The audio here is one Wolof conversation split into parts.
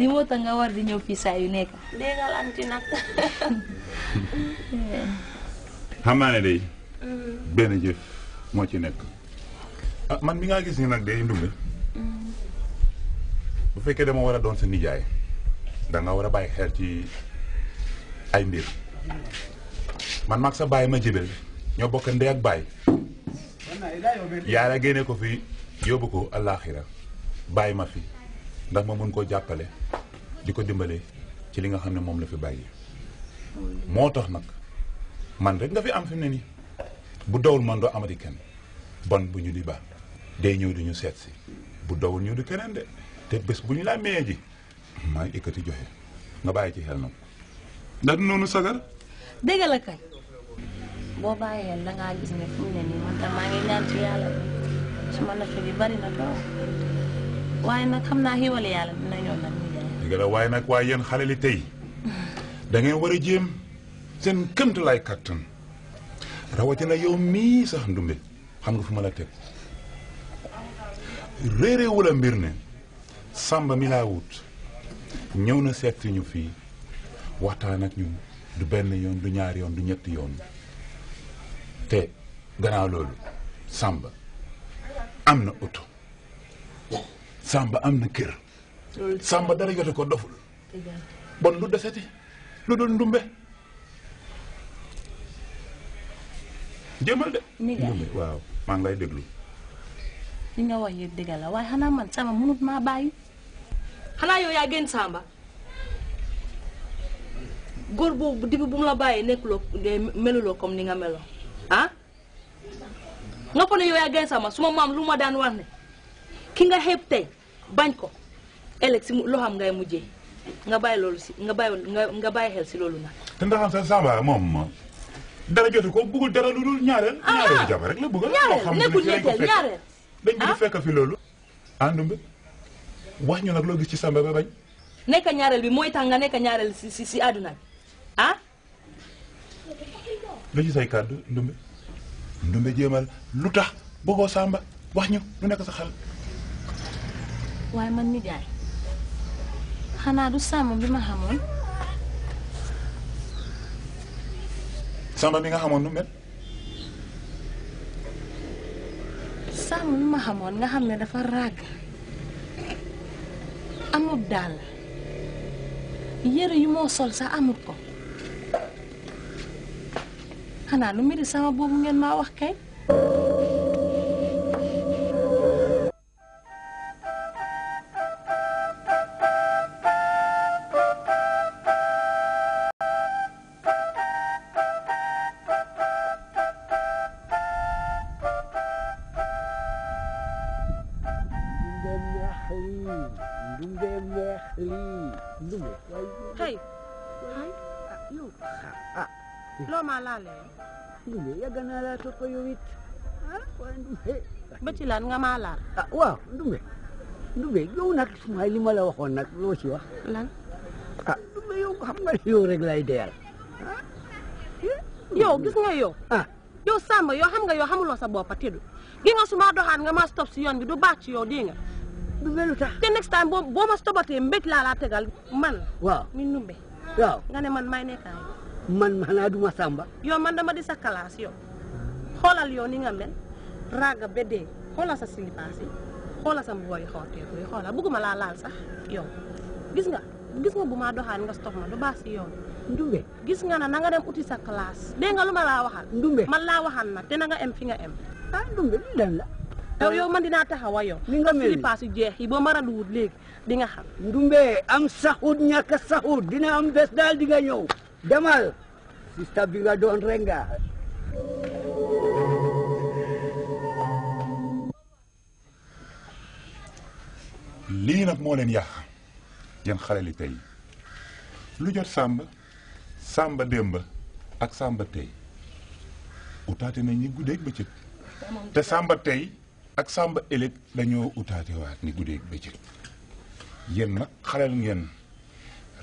di mo tax war di ñëw sa yunek yu nekk déggal anti nag xam naa mm. ci ah, man mi ngaa gis ni nak day ndumbe mm. bu fekkee dama wara don doon sa nijaay da nga war a xel ci ay mbir man maksa sa baay ma jibel ñoo bokk ndey ak baay yàlla gene ko fi yóbbu ko àllaaxira ma fi ndax ma mun koo di ko dimbale ci li nga xam ne moom la fi bàyyi moo tax nag man rek nga fi am fi mu ne nii bu dawul man doo amati kenn bon bu ñu di baax day ñëw di ñu seet si bu dawul ñu di keneen de te bés bu ñu laa mayee ji maa ngi ikkati joxe nga bàyyi ci xel nag ndax noonu sagar dégg la kañ boo bàyyi xel dangaa gis ne fu mu ne nii man tam maa ngi ñaan ci yàlla su ma natt bi bari na trop waaye nag xam naa xiwale yàlla dina ñoom nag dëgg waaye nag waaye yéen xale li tey da war a jéem seen këmt lay kàttan rawatina yow mii sax ndumbe xam nga fu ma la teg réere wala mbir ne sàmba mi laa wut ñëw na seet ñu fii waxtaan ak ñun du benn yoon du ñaari yoon du ñetti yoon te gannaaw loolu sàmba am na oto sàmba am na kër samba dara jotu ko doful bon lu deseti lu don ndumbe jëmal de waaw ma ngay deglu ni nga waye way xana man sama munut ma bayyi xanaa yo ya gën samba góor boobu dibi bu mu la bàyyi nekkuloo eh, meluloo comme ni nga melo ah nga fa yo ya gën suma mam lu ma wax ne ki nga bagn ko ëllëg si loo xam ngay mujjee nga bàyyi loolu si nga bàyyi nga bàyyi xel si loolu nag. te ndax sa Samba moom dara jotu ko bëggul dara lu dul ñaareel. Ah, ñaareel jabar rek la bëgg. ñaareel nekkul ñetteel ñaareel dañ ko ah? fekk fi loolu. àndum ah, bi wax ñu nag loo gis ci Samba ba bañ. nekk ñaareel bi mooy tax nga nekk ñaareel si si si àdduna bi ah. lu ci say kàddu ndumbe ndumbe jéemal lu tax bëggoo Samba wax ñu lu nekk sa xel. waaye man mi jaay. xanaa du sàmm bi ma xamoon. sàmm bi nga xamoon nu mel. sàmm bi ma xamoon nga xam ne dafa ràgg amut daal yére yu moo sol sa amut ko xanaa lu mbiri sama boobu ngeen maa wax kay. laale lile yàgg ya naa laa topp yow ah waaye ndumbe ba ci laan nga maa laal ah waaw ndumbe ndumbe yow nak suma li ma la waxoon nag loo ci wax lan ah ndumbe yow xam nga yow rek lay deyal ah yow hmm. gis nga yow ah yow Samba yow xam nga yow xamuloo sa boppa tëdu gi nga suma doxaan nga ma stop si yoon bi du baax ci yow dégg nga ndumbe lu tax te next time bo ma stoppatee mbéj laa laa tegal man waaw mi ndumbe waaw nga ne man may nekkaay man xanaa duma samba yow man dama di sa kalaas yow xoolal yow ni nga mel raaga ba dee xoolal sa silipaas yi xoolal sa mbooy xooteeku yi xoolal bugguma laa laal sax yow gis nga gis nga bu maa doxaan nga stox ma du baax si yow ndumbe gis nga na na nga dem uti sa classe dégg nga lu ma laa waxal ndumbe man laa waxal na te na nga em fi nga em ah ndumbe li lan la yow yow man dinaa taxawa yow li nga mel silipaas jeex yi boo mara luwut léegi di nga xam ndumbe am saxut ñàkk saxut dina am bés daal di nga ñëw demal sista bi nga doon renga lii nag moo leen yàq yéen xale li tey lu jot sàmba sàmba démb ak sàmba tey utaate nañ ni guddeeg bëccëg te sàmba tey ak sàmba ëllëg dañoo utaate waat ni guddeeg bëccëg yéen nag xalel ngeen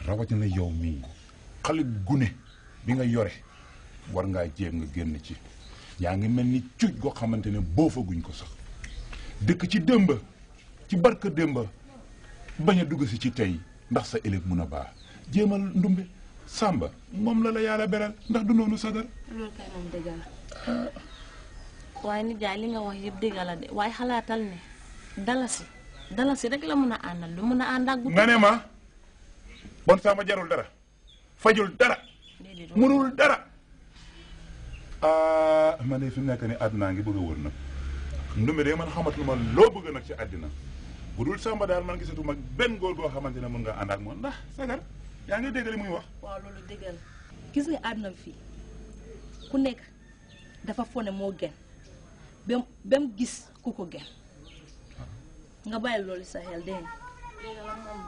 rawatina yow mii xale gune bi nga yore war nga jéem nga génn ci ya nga melni ni go xamantene bo fa guñ ko sax dekk ci demba ci barka demba baña dugg si ci tay ndax sa élève mun ba baax jéemal ndumbe sàmba moom la la yalla beral ndax du nonu sagar loolu kay moom jaay li nga wax yeb dëgg de waaye xalatal ne dalasi dalasi rek la mun andal lu ma bon sama jarul dara fajul dara mënul dara ah man de fi mu nekk ni àddinaa ngi bëgg a nag ndumbe de man xamat nu ma loo bëgg nag ci àddina bu dul sàmba daal man gisatu mag benn góor goo xamante ne mën nga ànd ak moom ndax sagar yaa ngi dégg muy wax waaw loolu déggal gis nga àddina fii ku nekk dafa fone moo gën bam bam gis ku ko gën nga bàyyi loolu sa xel dégg nga moom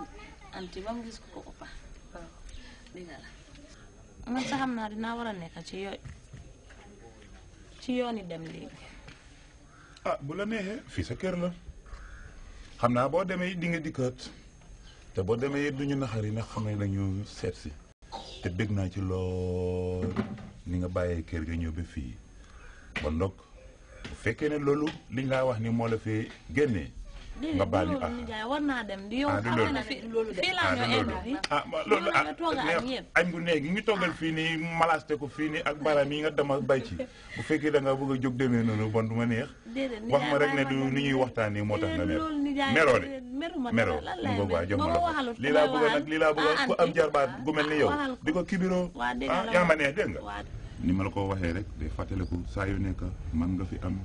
anti bam gis ku ko ëppa man sa xam naa dinaa war a nekk ci yoo ci yooni dem léegi ah bu la neexee fii sa kër la xam naa boo demee di nga te boo demee it duñu naxar yi nag xam ne dañu seet si te bég naa ci lool ni nga bàyyee kër ga ñëw ba fii bon donc bu fekkee ne loolu liñ laa wax ni moo la fi génnee nga baal ñu ah war naa dem di yow ah, amoon na fi ah, fii ah, ah loolu ah añ fii nii malaste ko fii nii ak baram yi nga dama bay ci bu fekkee da nga bëgg a jóg demee noonu bon du ma neex wax ma rek ne du ni ñuy waxtaanee moo tax nga mer meroo de meroo mu waa jox ma la lii laa bëgg nag laa bëgg ku am mel ni yow di ko kibiroo ah yaa ma neex dégg ni ma la ko waxee rek day fàttaliku saa yu nekk man nga fi am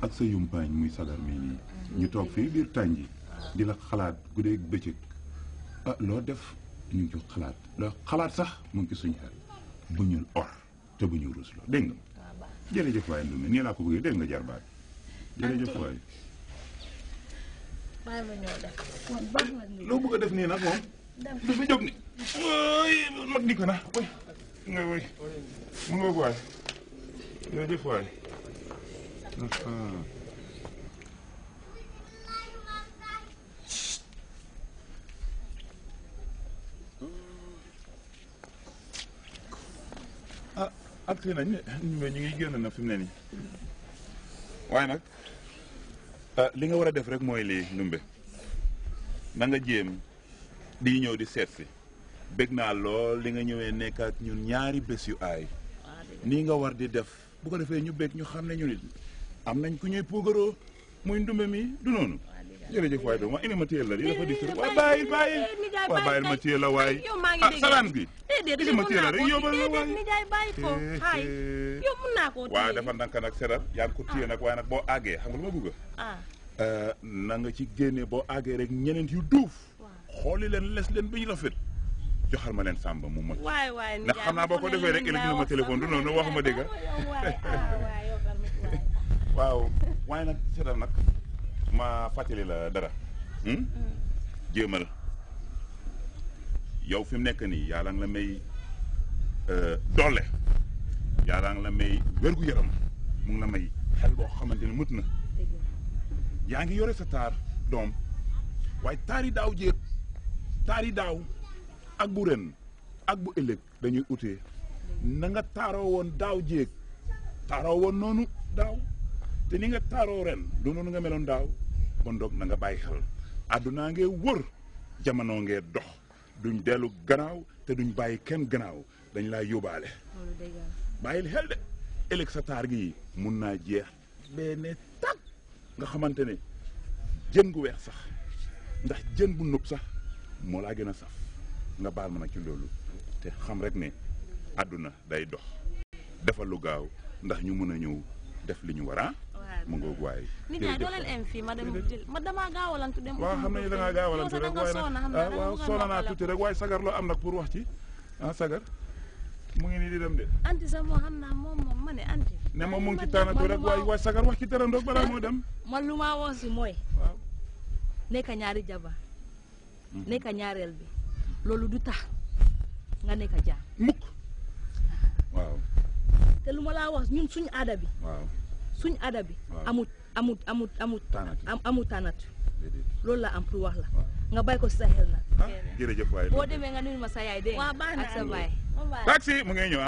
ak sa yumpaañ muy sagar mii ñu toog fii biir tànji di la xalaat guddeeg bëccëg ah loo def ñu ngi xalaat loo xalaat sax mu ngi ci suñu xel bu ñu or te bu ñu rusloo dégg nga jërëjëf waay Ndoumé nii laa ko bëggee dégg nga jarbaat jërëjëf loo bëgg a def nii nag moom dafa jóg ni nga way trochę. ah ak si nañ ñu ngi génn na fi mu ne nii waaye nag ah, li nga war a def rek mooy lii ndumbe na nga jéem di ñëw di seet si bég naa lool li nga ñëwee nekk ak ñun ñaari bés yu aay nii nga war di def bu ko defee ñu bég ñu xam ne ñu nit am nañ ku ñuy puugaroo muy ndumbe mi du noonu jërëjëf waay doom waa indi ma téyel la di dafa dikk waa bàyyil bàyyil waa bàyyil ma téyel la waay ah salaan gi indi ma téyel la rek yóbbal la waay eh, eh. waaw dafa ndànk nag seral yaa ngi ko téye ah. nag waaye nag boo àggee xam nga lu ma bëgg a ah. eh, na nga ci génne boo àggee rek ñeneen yu duuf xooli leen les leen bi ñu rafet joxal ma leen sàmba mu mot ndax xam naa boo ko defee rek indi ma téléphone du noonu waxuma dégg ah, waaw waaye nag seetal nag ma fàttali la dara. Hmm? jéemal yow fi mu nekk nii yàlla la may euh, doole yàlla nga la may wérgu yaram mu ngi la may xel boo xamante ni mët na yaa ngi yore sa taar doom waaye taari daaw jéeg taari daaw ak bu ren ak bu ëllëg dañuy utee na nga taaroo woon daaw jéeg taaroo woon noonu daaw. te ni nga taro ren du non nga melon daw kon doog na nga bàyyi xel aduna nge wër jamono nge dox duñ delu gannaaw te duñ bàyyi ken gannaaw dañ la yobale bàyyil xel de ëllëg sa gi mun na jeex be ne tak nga xamantene ne gu wex sax ndax jeen bu nup sax mo la gëna saf nga baal ma ci lolu te xam rek ne aduna day dox defal lu gaaw ndax ñu mëna ñew def liñu wara ah? mu ngoog waaye nit ñaa doo leen em fii ma dem jël ma damaa gaawalantu dem waaw xam nañu da ngaa gaawalantu rek ah, sagar loo am nag pour wax ci ah sagar mu ngi nii di dem de anti sax moo xam naa moom moom anti ne moom mu ngi ci tànnatu rek waaye waaye sagar wax ci tërandoog balaa moo dem man lu maa woo si mooy waaw nekk ñaari jabar mm-hmm. nekk ñaareel bi loolu du tax nga nekk jaam mukk waaw te lu ma wax ñun suñu aada bi waaw suñ aada bi amut amut amut amut amut loolu la am pour wax la nga bàyyi ko si sa ah, jërëjëf waay boo demee nga nuyu ma sa yaay dégg ak mu ngay ñëw ah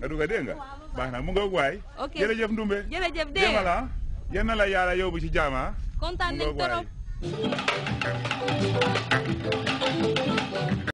nga dugg a dégg nga baax na mu nga waay jërëjëf ndumbe jërëjëf dégg nga la ah? yal na la yóbbu ci jaama ah? kontaan nañ torop